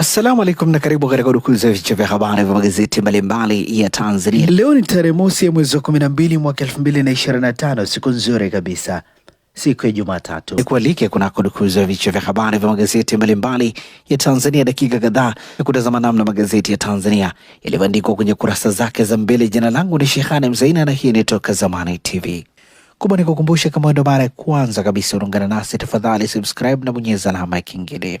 Assalamu alaikum na karibu katika udukuzi ya vichwa vya habari vya magazeti mbalimbali ya Tanzania. Leo ni tarehe mosi ya mwezi wa 12 mwaka 2025, siku nzuri kabisa, siku ya Jumatatu. Nikualike kunako dukuzi ya vichwa vya habari vya magazeti mbalimbali ya Tanzania, dakika kadhaa ya kutazama namna magazeti ya Tanzania yalivyoandikwa kwenye kurasa zake za mbele. Jina langu ni Shehani Mzaina na hii ni Toka Zamani TV. Kubwa kukumbusha kama ndo mara ya kwanza kabisa unaungana nasi, tafadhali subscribe na bonyeza alama ya kengele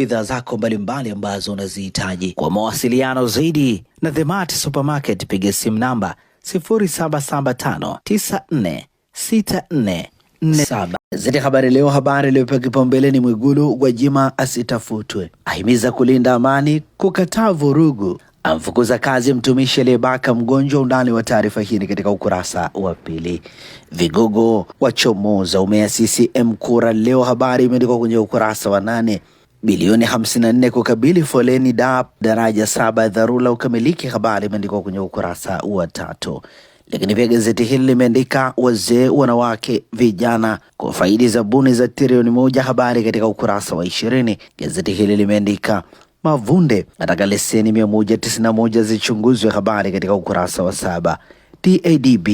bidhaa zako mbalimbali ambazo unazihitaji. Kwa mawasiliano zaidi na The Mart Supermarket, piga simu namba 0775946447. Zidi Habari Leo, habari iliyopewa kipaumbele ni Mwigulu Gwajima asitafutwe, ahimiza kulinda amani, kukataa vurugu amfukuza kazi mtumishi aliyebaka mgonjwa. Undani wa taarifa hii ni katika ukurasa wa pili. Vigogo wachomoza umea CCM kura leo, habari imeandikwa kwenye ukurasa wa nane bilioni 54 kukabili foleni da daraja saba dharula dharura Habari imeandikwa kwenye ukurasa wa tatu. Lakini pia gazeti hili limeandika wazee, wanawake, vijana kwa faidi zabuni za trilioni moja. Habari katika ukurasa wa ishirini. Gazeti hili limeandika Mavunde ataka leseni moja zichunguzwe. Habari katika ukurasa wa saba. TADB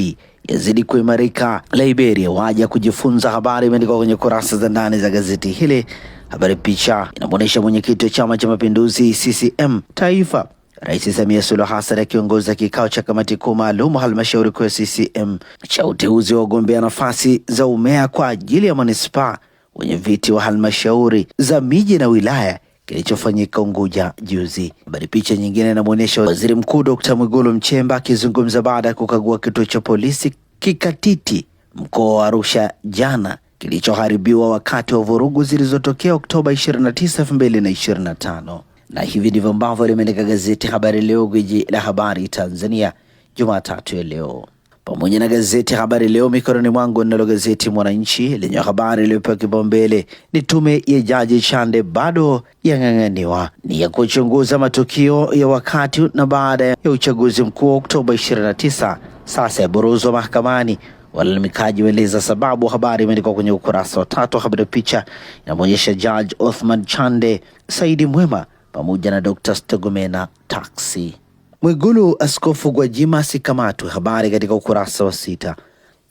yazidi kuimarika, Liberia waja kujifunza. Habari imeandikwa kwenye kurasa za ndani za gazeti hili Habari picha inamwonyesha mwenyekiti wa Chama cha Mapinduzi CCM Taifa, Rais Samia Suluhu Hassan akiongoza kikao cha kamati kuu maalum halmashauri kuu ya CCM cha uteuzi wa wagombea nafasi za umea kwa ajili ya manispaa wenye viti wa halmashauri za miji na wilaya kilichofanyika Unguja juzi. Habari picha nyingine inamwonyesha Waziri Mkuu Dr. Mwigulu Mchemba akizungumza baada ya kukagua kituo cha polisi Kikatiti mkoa wa Arusha jana kilichoharibiwa wakati wa vurugu zilizotokea Oktoba 29, 2025. Na hivi ndivyo ambavyo limeandika gazeti Habari Leo, gwiji la habari Tanzania, Jumatatu ya leo, pamoja na gazeti Habari Leo mikononi mwangu. Ninalo gazeti Mwananchi lenye habari iliyopewa kipaumbele ni tume ya Jaji Chande bado yang'ang'aniwa, ni ya kuchunguza matukio ya wakati na baada ya uchaguzi mkuu wa Oktoba 29, sasa ya buruzwa mahakamani Walalamikaji waeleza sababu. Habari imeandikwa kwenye ukurasa wa tatu habari. Picha inamwonyesha Judge Othman Chande Saidi Mwema pamoja na Dr. Stegomena Taxi Mwigulu. Askofu Gwajima asikamatwe, habari katika ukurasa wa sita.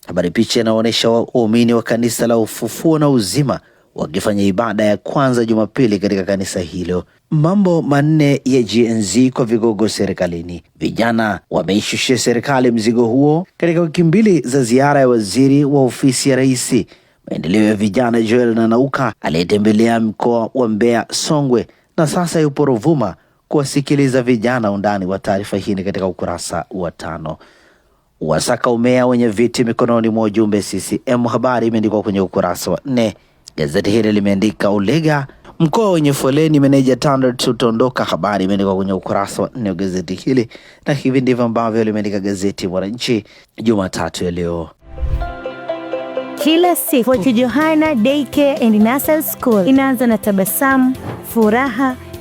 Habari picha inaonyesha waumini wa kanisa la Ufufuo na Uzima wakifanya ibada ya kwanza Jumapili katika kanisa hilo. Mambo manne ya GNZ kwa vigogo serikalini. Vijana wameishushia serikali mzigo huo katika wiki mbili za ziara ya waziri wa ofisi ya rais maendeleo ya vijana Joel Nanauka aliyetembelea mkoa wa Mbeya, Songwe na sasa yupo Ruvuma kuwasikiliza vijana. Undani wa taarifa hii katika ukurasa wa tano. Wasaka umea wenye viti mikononi mwa ujumbe CCM, habari imeandikwa kwenye ukurasa wa nne. Gazeti hili limeandika Ulega mkoa wenye foleni, meneja TANROADS utaondoka. Habari imeandikwa kwenye ukurasa wa nne wa gazeti hili, na hivi ndivyo ambavyo limeandika gazeti Mwananchi Jumatatu ya leo. Kila siku Johanna Daycare and Nursery School inaanza na tabasamu, furaha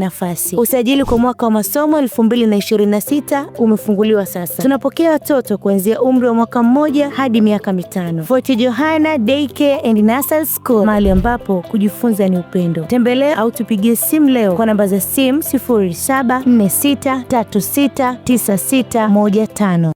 nafasi. Usajili kwa mwaka wa masomo 2026 umefunguliwa sasa. Tunapokea watoto kuanzia umri wa mwaka mmoja hadi miaka mitano. Fort Johanna Daycare and Nursery School, mahali ambapo kujifunza ni upendo. Tembelea au tupigie simu leo kwa namba za simu 0746369615.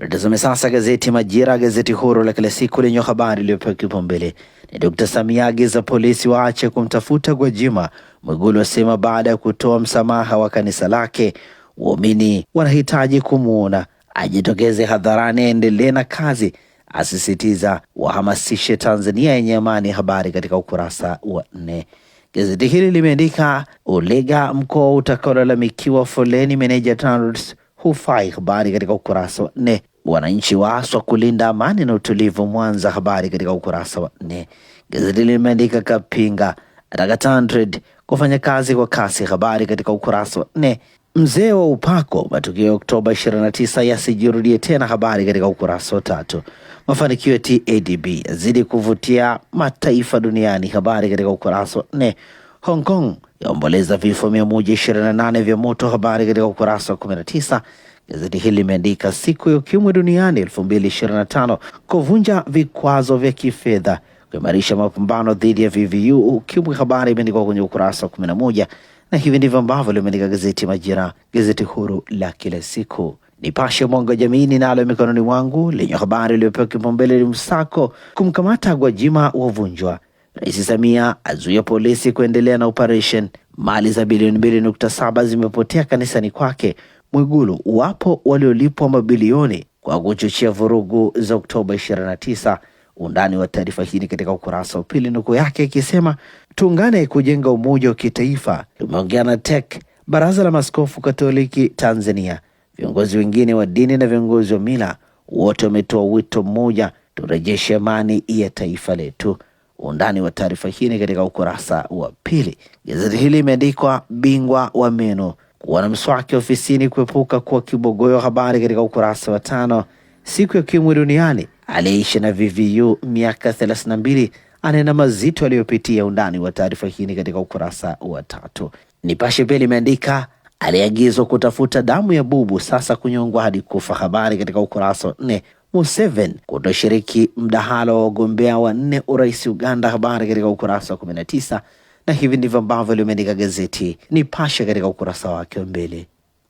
Tutazame sasa gazeti Majira, gazeti huru la kila siku lenye habari iliyopewa kipaumbele ni Dkt. Samia agiza polisi waache kumtafuta Gwajima Mwigulu asema baada ya kutoa msamaha wa kanisa lake, waumini wanahitaji kumwona ajitokeze hadharani, aendelee na kazi, asisitiza wahamasishe Tanzania yenye amani. Habari katika ukurasa wa nne. Gazeti hili limeandika Ulega mkoa utakaolalamikiwa foleni, meneja TANROADS hufai. Habari katika ukurasa wa nne. Wananchi waaswa kulinda amani na utulivu Mwanza. Habari katika ukurasa wa nne. Gazeti limeandika Kapinga ataka TanTrade kufanya kazi kwa kasi. Habari katika ukurasa wa nne. Mzee wa upako, matukio ya Oktoba 29 yasijirudie tena. Habari katika ukurasa wa tatu. Mafanikio ya TADB yazidi kuvutia mataifa duniani. Habari katika ukurasa wa nne. Hong Kong yaomboleza vifo 128 vya moto. Habari katika ukurasa wa 19. Gazeti hili limeandika siku ya ukimwi duniani 2025 kuvunja vikwazo vya kifedha kuimarisha mapambano dhidi ya VVU ukimwi. Habari imeandikwa kwenye ukurasa wa 11 na hivi ndivyo ambavyo limeandika gazeti Majira, gazeti huru la kila siku. Nipashe mwanga wa jamii nalo mikononi mwangu lenye habari iliyopewa kipaumbele ni msako kumkamata Gwajima wavunjwa. Rais Samia azuia polisi kuendelea na operation. Mali za bilioni mbili nukta saba zimepotea kanisani kwake. Mwigulu, wapo waliolipwa mabilioni kwa kuchochea vurugu za Oktoba 29. Undani wa taarifa hii ni katika ukurasa wa pili, nukuu yake ikisema tuungane kujenga umoja wa kitaifa. Tumeongea na TEC, baraza la maskofu katoliki Tanzania, viongozi wengine wa dini na viongozi wa mila, wote wametoa wito mmoja, turejeshe amani ya taifa letu. Undani wa taarifa hii ni katika ukurasa wa pili. Gazeti hili limeandikwa bingwa wa meno kuwa na mswaki ofisini, kuepuka kuwa kibogoyo, habari katika ukurasa wa tano siku ya ukimwi duniani aliyeishi na VVU miaka 32 anena mazito aliyopitia. Undani wa taarifa hii ni katika ukurasa wa tatu. Nipashe pia limeandika aliagizwa kutafuta damu ya bubu, sasa kunyongwa hadi kufa. Habari katika ukurasa wa nne. Museveni kutoshiriki mdahalo wa wagombea wa nne urais Uganda. Habari katika ukurasa wa kumi na tisa na hivi ndivyo ambavyo limeandika gazeti Nipashe katika ukurasa wake wa mbele.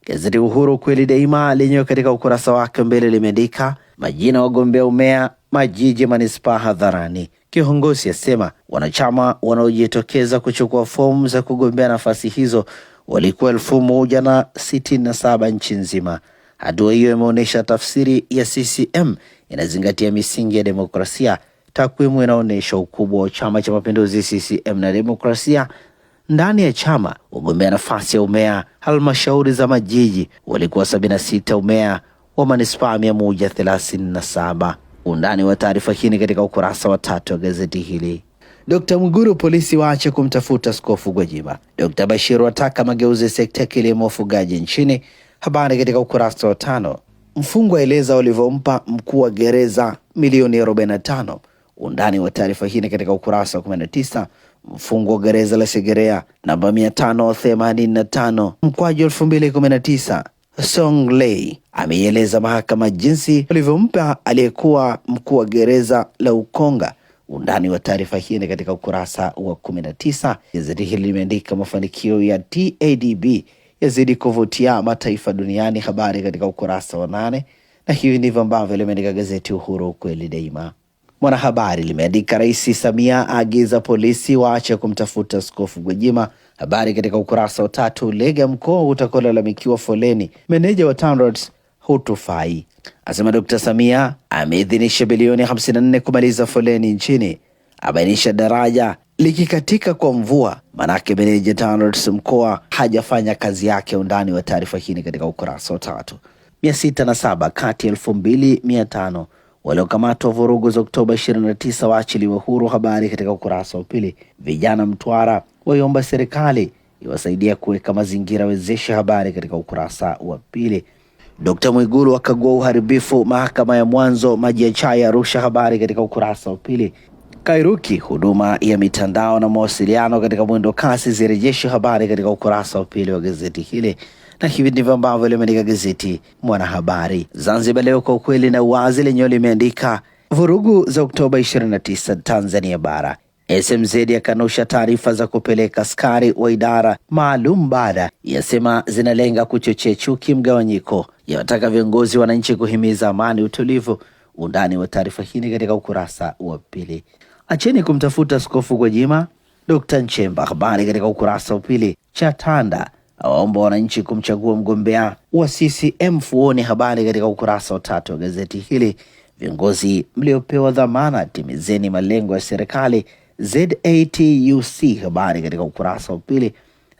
Gazeti Uhuru kweli daima lenyewe katika ukurasa wake mbele limeandika majina wagombea umea majiji manispaa hadharani. Kiongozi asema wanachama wanaojitokeza kuchukua fomu za kugombea nafasi hizo walikuwa elfu moja na sitini na saba nchi nzima. Hatua hiyo imeonyesha tafsiri ya CCM inazingatia misingi ya demokrasia. Takwimu inaonyesha ukubwa wa Chama cha Mapinduzi CCM na demokrasia ndani ya chama. Wagombea nafasi ya umea halmashauri za majiji walikuwa 76, umea wa manispaa saba. Undani wa taarifa hii ni katika ukurasa wa tatu wa gazeti hili. Dkt Mwiguru, polisi waache kumtafuta Askofu Gwajima. Dkt Bashir wataka mageuzi sekta ya kilimo ufugaji nchini, habari katika ukurasa wa tano. Mfungwa aeleza walivyompa mkuu wa gereza milioni 45. Undani wa taarifa hii ni katika ukurasa wa 19 mfungwa gereza la Segerea namba 585 mkwaju 2019 Song Lei ameieleza mahakama jinsi walivyompa aliyekuwa mkuu wa gereza la Ukonga. Undani wa taarifa hii ni katika ukurasa wa 19. Gazeti hili limeandika mafanikio ya TADB yazidi kuvutia mataifa duniani, habari katika ukurasa wa nane, na hivi ndivyo ambavyo limeandika gazeti Uhuru, ukweli daima. Mwanahabari limeandika Rais Samia aagiza polisi waache kumtafuta Askofu Gwajima. Habari katika ukurasa wa tatu. Lega mkoa utakolalamikiwa foleni, meneja wa TANROADS hutufai asema d Samia ameidhinisha bilioni 54 kumaliza foleni nchini, abainisha daraja likikatika kwa mvua manake meneja TANROADS mkoa hajafanya kazi yake. Undani wa taarifa hii katika ukurasa wa tatu. 607 kati ya 2500 Waliokamatwa vurugu za Oktoba 29 waachiliwa huru. Habari katika ukurasa wa pili. Vijana Mtwara waiomba serikali iwasaidia kuweka mazingira wezeshi. Habari katika ukurasa wa pili. Dkt Mwigulu akagua uharibifu mahakama ya mwanzo maji ya chai Arusha. Habari katika ukurasa wa pili. Kairuki, huduma ya mitandao na mawasiliano katika mwendo kasi zirejeshe. Habari katika ukurasa wa pili wa gazeti hili na hivi ndivyo ambavyo limeandika gazeti Mwanahabari. Zanzibar Leo, kwa ukweli na uwazi, lenyewe limeandika vurugu za Oktoba 29 Tanzania Bara. SMZ yakanusha taarifa za kupeleka askari wa idara maalum baada, yasema zinalenga kuchochea chuki, mgawanyiko, yawataka viongozi wananchi kuhimiza amani, utulivu. Undani wa taarifa hii katika ukurasa wa pili. Acheni kumtafuta Askofu Gwajima, Dr Nchemba, habari katika ukurasa wa pili. Chatanda awaomba wananchi kumchagua mgombea wa CCM. Fuoni habari katika ukurasa wa tatu wa gazeti hili. Viongozi mliopewa dhamana, timizeni malengo ya serikali ZATUC, habari katika ukurasa wa pili.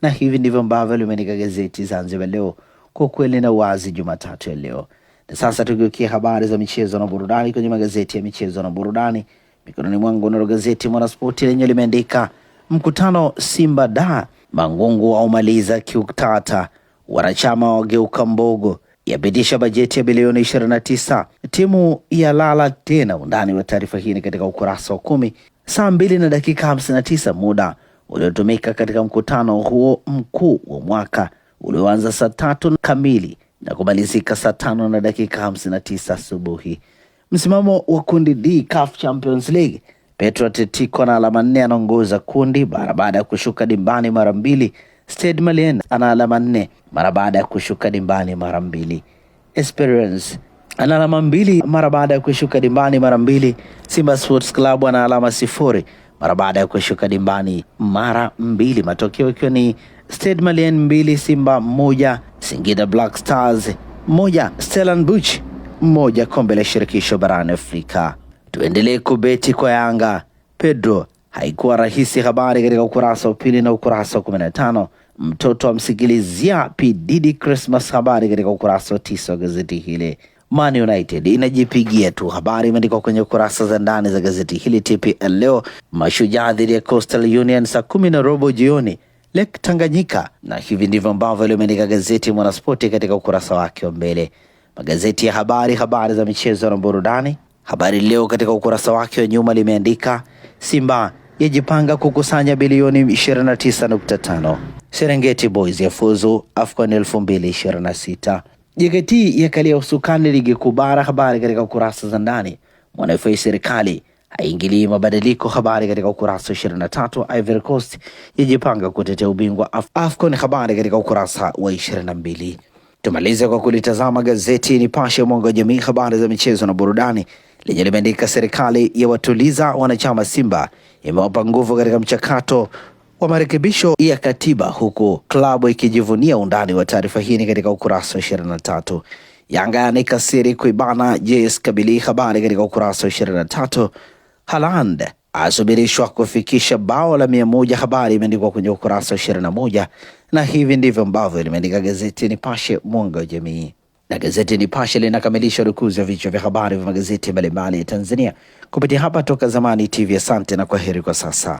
Na hivi ndivyo ambavyo limeandika gazeti Zanzibar Leo kwa kweli na wazi Jumatatu ya leo. Na sasa tugeukia habari za michezo na burudani kwenye magazeti ya michezo na burudani mikononi mwangu, nalo gazeti Mwanaspoti lenye limeandika mkutano Simba da Mangungu aumaliza kiuktata, wanachama wageuka mbogo, yapitisha bajeti ya bilioni 29, timu ya lala tena. Undani wa taarifa hii ni katika ukurasa wa kumi. Saa mbili na dakika 59 muda uliotumika katika mkutano huo mkuu wa mwaka ulioanza saa tatu kamili na kumalizika saa tano na dakika 59 asubuhi. Msimamo wa kundi D CAF Champions League Petro Atletico ana alama nne anaongoza kundi mara baada ya kushuka dimbani mara mbili. Stade Malien ana alama nne mara baada ya kushuka dimbani mara mbili. Esperance ana alama mbili mara baada ya kushuka dimbani mara mbili. Simba Sports Club ana alama sifuri mara baada ya kushuka dimbani mara mbili, matokeo ikiwa ni Stade Malien mbili Simba moja, Singida Black Stars moja, Stellenbosch moja. Kombe la shirikisho barani Afrika. Tuendelee kubeti kwa Yanga. Pedro haikuwa rahisi. Habari katika ukurasa wa pili na ukurasa wa 15. Mtoto amsikilizia P Diddy Christmas. Habari katika ukurasa wa tisa wa gazeti hili. Man United inajipigia tu. Habari imeandikwa kwenye kurasa za ndani za gazeti hili. TPL leo Mashujaa dhidi ya Coastal Union saa kumi na robo jioni Lake Tanganyika, na hivi ndivyo ambavyo limeandika gazeti Mwanaspoti katika ukurasa wake wa mbele. Magazeti ya habari, habari za michezo na burudani. Habari Leo katika ukurasa wake wa nyuma limeandika Simba yajipanga kukusanya bilioni 29.5, Serengeti Boys yafuzu AFCON 2026, JKT yakalia usukani ligi kubara. Habari katika ukurasa za ndani. Mwanafa serikali haingilii mabadiliko. Habari katika ukurasa 23. Ivory Coast yajipanga kutetea ubingwa Af AFCON. Habari katika ukurasa wa 22. Tumalize kwa kulitazama gazeti Nipashe, mwanga wa jamii, habari za michezo na burudani lenye limeandika serikali ya watuliza wanachama Simba imewapa nguvu katika mchakato wa marekebisho ya katiba, huku klabu ikijivunia undani wa taarifa hii katika ukurasa wa 23. Yanga yaanika siri kuibana JS Kabili, habari katika ukurasa wa 23. Haaland asubirishwa kufikisha bao la mia moja, habari imeandikwa kwenye ukurasa wa 21, na hivi ndivyo ambavyo limeandika gazeti Nipashe, mwanga wa jamii na gazeti Nipashe linakamilisha rukuzi ya vichwa vya habari vya magazeti mbalimbali ya Tanzania kupitia hapa Toka Zamani TV. Asante na kwaheri kwa sasa.